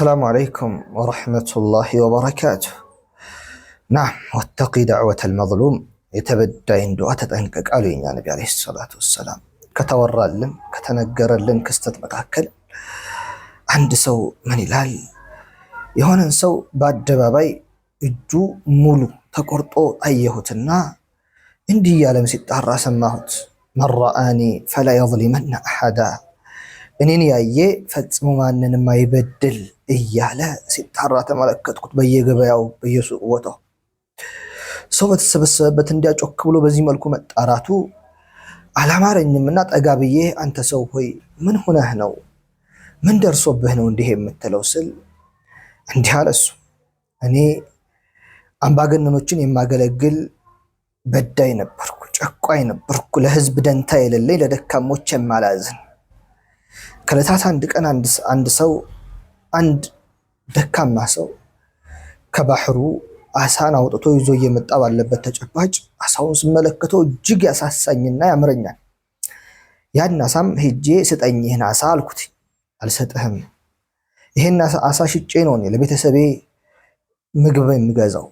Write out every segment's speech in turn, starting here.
السلام አለይኩም ورحمة ወበረካቱ وبركاته نعم واتقي دعوة المظلوم የተበዳይ እንደዋ ተጠንቀቅ አሉ የኛ ነቢ ዓለይሂ ሰላቱ ወሰላም። ከተወራልን ከተነገረልን ክስተት መካከል አንድ ሰው ምን ይላል? የሆነን ሰው በአደባባይ እጁ ሙሉ ተቆርጦ አየሁትና እንዲህ እያለም ሲጣራ ሰማሁት። መን ረአኒ ፈላ የዝሊመና አሐዳ እኔን ያየ ፈጽሞ ማንንም አይበድል እያለ ሲጣራ ተመለከትኩት። በየገበያው በየሱቅ ቦታው ሰው በተሰበሰበበት እንዲያጮክ ብሎ በዚህ መልኩ መጣራቱ አላማረኝም እና ጠጋ ብዬ አንተ ሰው ሆይ ምን ሆነህ ነው? ምን ደርሶብህ ነው እንዲህ የምትለው ስል እንዲህ አለ እሱ። እኔ አምባገነኖችን የማገለግል በዳይ ነበርኩ፣ ጨቋይ ነበርኩ፣ ለህዝብ ደንታ የሌለኝ፣ ለደካሞች የማላዝን ከለታት አንድ ቀን አንድ ሰው አንድ ደካማ ሰው ከባህሩ አሳን አውጥቶ ይዞ እየመጣ ባለበት ተጨባጭ አሳውን ስመለከተው እጅግ ያሳሳኝና ያምረኛል። ያን አሳም ሄጄ ስጠኝ ይህን አሳ አልኩት። አልሰጥህም፣ ይህን አሳ ሽጬ ነው እኔ ለቤተሰቤ ምግብ የምገዛው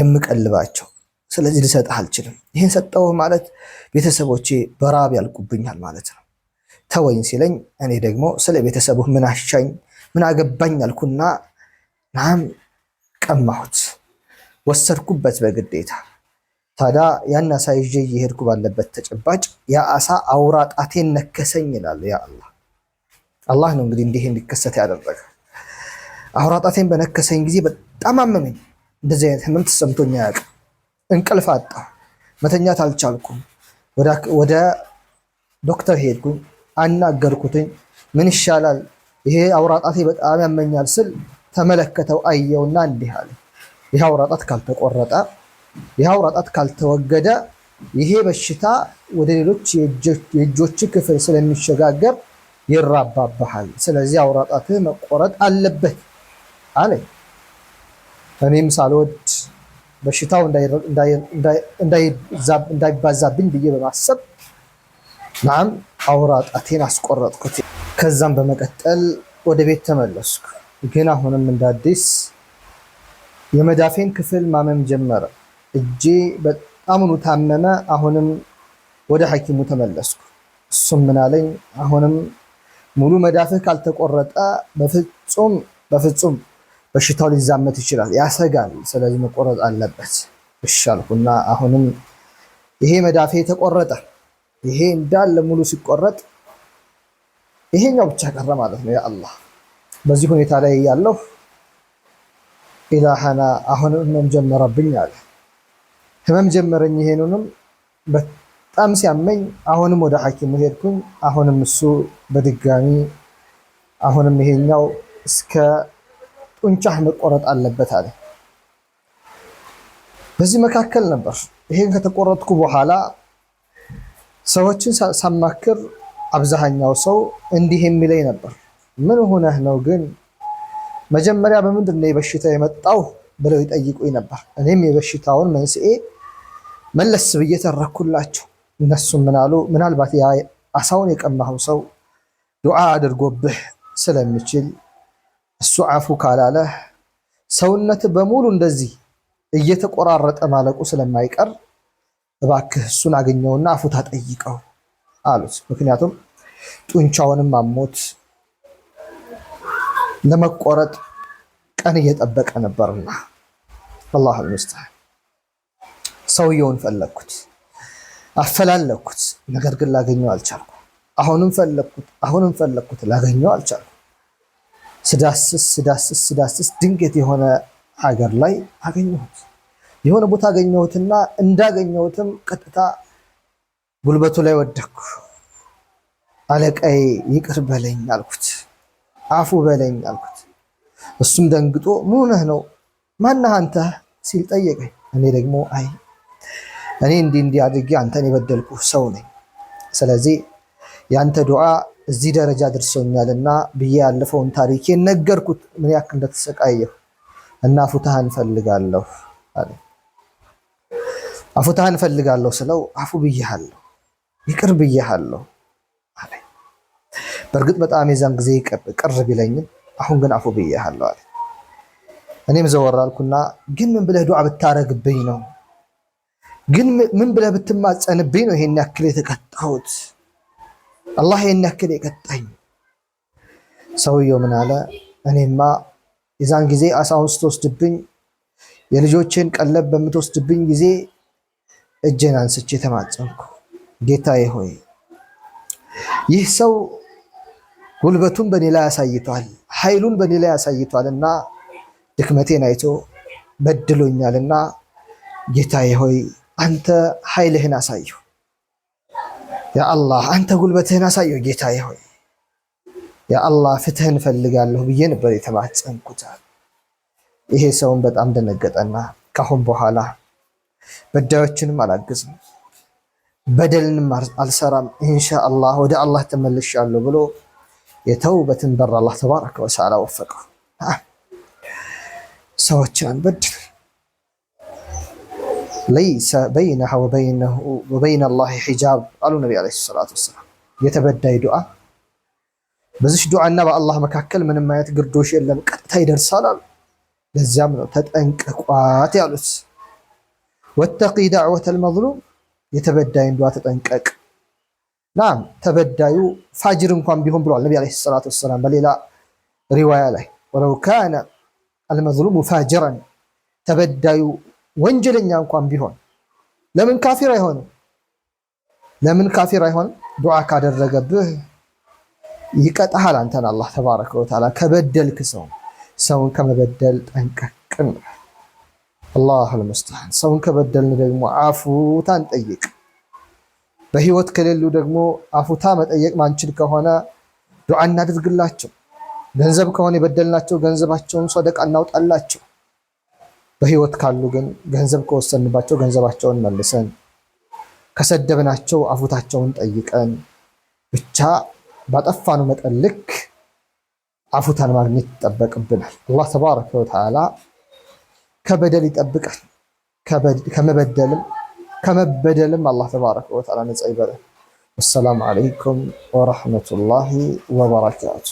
የምቀልባቸው፣ ስለዚህ ልሰጥህ አልችልም። ይህን ሰጠው ማለት ቤተሰቦቼ በራብ ያልቁብኛል ማለት ነው። ተወኝ ሲለኝ እኔ ደግሞ ስለ ቤተሰቡ ምን አሻኝ ምን አገባኝ አልኩና ናም ቀማሁት፣ ወሰድኩበት በግዴታ። ታዲያ ያን አሳ ይዤ እየሄድኩ ባለበት ተጨባጭ ያ አሳ አውራ ጣቴን ነከሰኝ ይላል። ያ አላህ አላህ ነው እንግዲህ እንዲህ እንዲከሰት ያደረገ። አውራ ጣቴን በነከሰኝ ጊዜ በጣም አመመኝ። እንደዚህ አይነት ህመም ተሰምቶኝ አያውቅም። እንቅልፍ አጣሁ፣ መተኛት አልቻልኩም። ወደ ዶክተር ሄድኩኝ። አናገርኩትኝ። ምን ይሻላል ይሄ አውራጣቴ በጣም ያመኛል ስል ተመለከተው፣ አየውና እንዲህ አለ። ይህ አውራጣት ካልተቆረጠ፣ ይህ አውራጣት ካልተወገደ ይሄ በሽታ ወደ ሌሎች የእጆች ክፍል ስለሚሸጋገር ይራባባሃል። ስለዚህ አውራጣትህ መቆረጥ አለበት አለ። እኔም ሳልወድ በሽታው እንዳይባዛብኝ ብዬ በማሰብ ናም አውራ ጣቴን አስቆረጥኩት። ከዛም በመቀጠል ወደ ቤት ተመለስኩ። ግን አሁንም እንደ አዲስ የመዳፌን ክፍል ማመም ጀመረ። እጄ በጣምኑ ታመመ። አሁንም ወደ ሐኪሙ ተመለስኩ። እሱም ምናለኝ አሁንም ሙሉ መዳፍህ ካልተቆረጠ በፍጹም በፍጹም በሽታው ሊዛመት ይችላል፣ ያሰጋል። ስለዚህ መቆረጥ አለበት። እሺ አሁንም ይሄ መዳፌ ተቆረጠ። ይሄ እንዳለ ሙሉ ሲቆረጥ ይሄኛው ብቻ ቀረ ማለት ነው። ያአላህ በዚህ ሁኔታ ላይ ያለው ኢላሃና አሁን ህመም ጀመረብኝ አለ። ህመም ጀመረኝ። ይሄንንም በጣም ሲያመኝ አሁንም ወደ ሐኪም ሄድኩኝ። አሁንም እሱ በድጋሚ አሁንም ይሄኛው እስከ ጡንቻህ መቆረጥ አለበት አለ። በዚህ መካከል ነበር። ይሄን ከተቆረጥኩ በኋላ ሰዎችን ሳማክር አብዛኛው ሰው እንዲህ የሚለኝ ነበር። ምን ሆነህ ነው ግን መጀመሪያ በምንድን ነው የበሽታ የመጣው ብለው ይጠይቁኝ ነበር። እኔም የበሽታውን መንስኤ መለስ ብዬ ተረኩላቸው። እነሱም ምናሉ ምናልባት ያ አሳውን የቀማኸው ሰው ዱዓ አድርጎብህ ስለሚችል እሱ አፉ ካላለህ ሰውነት በሙሉ እንደዚህ እየተቆራረጠ ማለቁ ስለማይቀር እባክህ እሱን አገኘውና አፉታ ጠይቀው አሉት። ምክንያቱም ጡንቻውንም አሞት ለመቆረጥ ቀን እየጠበቀ ነበርና፣ አላህ ልሙስተን። ሰውየውን ፈለግኩት፣ አፈላለኩት፣ ነገር ግን ላገኘው አልቻልኩ። አሁንም ፈለግኩት፣ አሁንም ፈለግኩት፣ ላገኘው አልቻልኩ። ስዳስስ ስዳስስ ስዳስስ ድንገት የሆነ ሀገር ላይ አገኘሁት። የሆነ ቦታ አገኘሁትና እንዳገኘሁትም ቀጥታ ጉልበቱ ላይ ወደኩ። አለቃዬ ይቅር በለኝ አልኩት፣ አፉ በለኝ አልኩት። እሱም ደንግጦ ምንህ ነው ማነህ አንተ ሲል ጠየቀኝ። እኔ ደግሞ አይ እኔ እንዲህ እንዲህ አድርጌ አንተን የበደልኩ ሰው ነኝ፣ ስለዚህ የአንተ ዱዓ እዚህ ደረጃ ደርሶኛልና ብዬ ያለፈውን ታሪኬ ነገርኩት፣ ምን ያክል እንደተሰቃየሁ እና ፉትሃን እንፈልጋለሁ? አለ። አፉታህን እፈልጋለሁ ስለው አፉ ብያሃለሁ፣ ይቅር ብያሃለሁ አለ። በእርግጥ በጣም የዛን ጊዜ ቅር ቢለኝም አሁን ግን አፉ ብያሃለሁ አለ። እኔም ዘወር አልኩና ግን ምን ብለህ ዱዓ ብታረግብኝ ነው? ግን ምን ብለህ ብትማጸንብኝ ነው ይሄን ያክል የተቀጣሁት? አላህ ይሄን ያክል የቀጣኝ። ሰውየው ምን አለ? እኔማ የዛን ጊዜ አሳውን ስትወስድብኝ፣ የልጆችን ቀለብ በምትወስድብኝ ጊዜ እጄን አንስቼ ተማጸንኩ። ጌታዬ ሆይ ይህ ሰው ጉልበቱን በኔ ላይ አሳይቷል፣ ኃይሉን በኔ ላይ አሳይቷል እና ድክመቴን አይቶ በድሎኛልና ጌታዬ ሆይ አንተ ኃይልህን አሳየሁ ያአላህ አንተ ጉልበትህን አሳየሁ ጌታዬ ሆይ ያአላህ ፍትህን ፈልጋለሁ ብዬ ነበር የተማጸንኩት። ይሄ ሰውን በጣም ደነገጠና ካሁን በኋላ በዳዮችንም አላግዝም፣ በደልንም አልሰራም፣ ኢንሻአላህ ወደ አላህ ተመልሻለሁ ብሎ የተውበትን በር አላህ ተባረከ ወተዓላ ወፈቀው። ሰዎችን አንበድል። ለይሰ በይነሃ ወበይነ አላህ ሒጃብ አሉ ነቢ ዓለይሂ ሰላቱ ወሰላም። የተበዳይ ዱዓ በዚች ዱዓና በአላህ መካከል ምንም አይነት ግርዶሽ የለም፣ ቀጥታ ይደርሳል አሉ። ለዚያም ነው ተጠንቅቋት ያሉት። ወተቂ ዳዕወተል መዝሉም የተበዳይን ዱዓ ተጠንቀቅ። ናም ተበዳዩ ፋጅር እንኳን ቢሆን ብሏል ነቢ ዓለይሂ ሰላቱ ወሰላም በሌላ ሪዋያ ላይ ወለው ካነ አልመዝሉሙ ፋጅረን ተበዳዩ ወንጀለኛ እንኳን ቢሆን ለምን ካፊር አይሆንም? ለምን ካፊር አይሆንም? ዱዓ ካደረገብህ ይቀጣሃል። አንተን አላህ ተባረከ ወተዓላ ከበደልክ ሰው ሰውን ከመበደል ጠንቀቅን አላሁል ሙስተዓን። ሰውን ከበደልን ደግሞ አፉታ እንጠይቅ በህይወት ከሌሉ ደግሞ አፉታ መጠየቅ ማንችል ከሆነ ዱዓ እናድርግላቸው። ገንዘብ ከሆነ የበደልናቸው ገንዘባቸውን ሰደቃ እናውጣላቸው። በህይወት ካሉ ግን ገንዘብ ከወሰንባቸው ገንዘባቸውን መልሰን፣ ከሰደብናቸው አፉታቸውን ጠይቀን፣ ብቻ ባጠፋኑ መጠን ልክ አፉታን ማግኘት ይጠበቅብናል። አላህ ተባረከ ወተዓላ ከበደል ይጠብቃል። ከመበደልም ከመበደልም አላህ ተባረከ ወተዓላ ነጻ ይበላል። ወሰላሙ አለይኩም ወረሕመቱላሂ ወበረካቱ።